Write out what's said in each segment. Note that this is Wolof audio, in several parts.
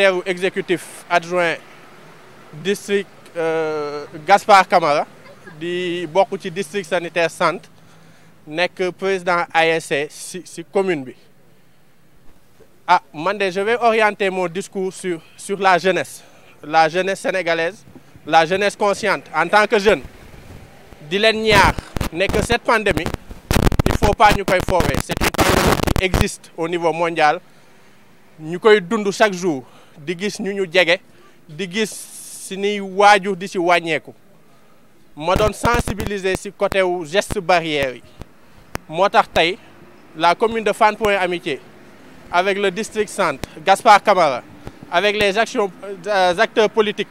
secrétaire exécutif adjoint district euh, Gaspard Camara di bokk ci district sanitaire sant nekk président ASC si e commune bi ah man de je vais orienter mon discours sur la jeunesse la jeunesse sénégalaise la jeunesse consciente en tant que jeune di leen ñaar nekk cette pandémie il faut pas ñu koy foowee c'est une pandémie qui existe au niveau mondial ñu koy dund chaque jour di gis ñu ñu jege di gis si niy waaju di si wàññeeku ma doon sensibiliser si côté wu geste barrière yi moo tax tey la commune de Fann Point Amitié avec le district centre Gaspard Camara avec les actions euh, acteurs politiques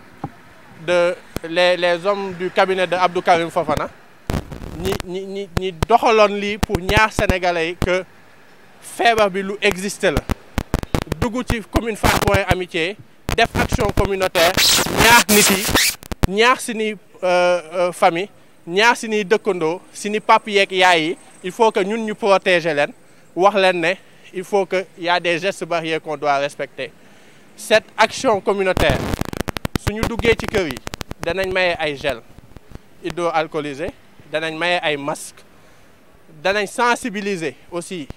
de les les hommes du cabinet de Abdou Karim Fofana ñi ñi ñi doxaloon lii pour ñaar sénégalais yi que feebar bi lu existé la dugg ci commune Fass Point Amitié def action communautaire ñaax nit yi ñaax si ni euh, euh, famille ñaax si ni dëkkandoo si ni pap yeeg yaay yi il faut que ñun ñu protéger leen wax leen ne il faut que y des gestes barrières qu'on doit respecter cette action communautaire suñu duggee ci kër yi danañ maye ay gel hydroalcoolisé danañ maye ay masque danañ sensibiliser aussi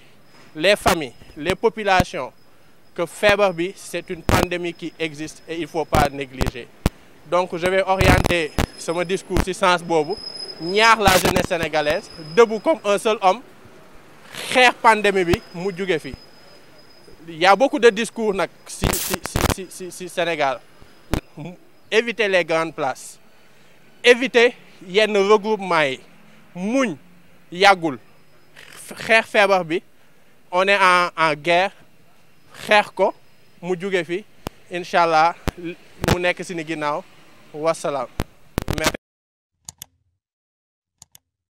les familles les populations que feebar bi c'est une pandémie qui existe et il faut pas négliger donc je vais orienter sama discours ci sens boobu ñaar la jeunesse sénégalaise debout comme un seul homme xeex pandémie bi mu juge fi yaa a beaucoup de discours nag ci ci Sénégal éviter les grandes places éviter yenn regroupement yi muñ yàggul xeex feebar bi on est en en guerre xeex ko mu jóge fi incha allah mu nekk si ni ginnaaw wasalaam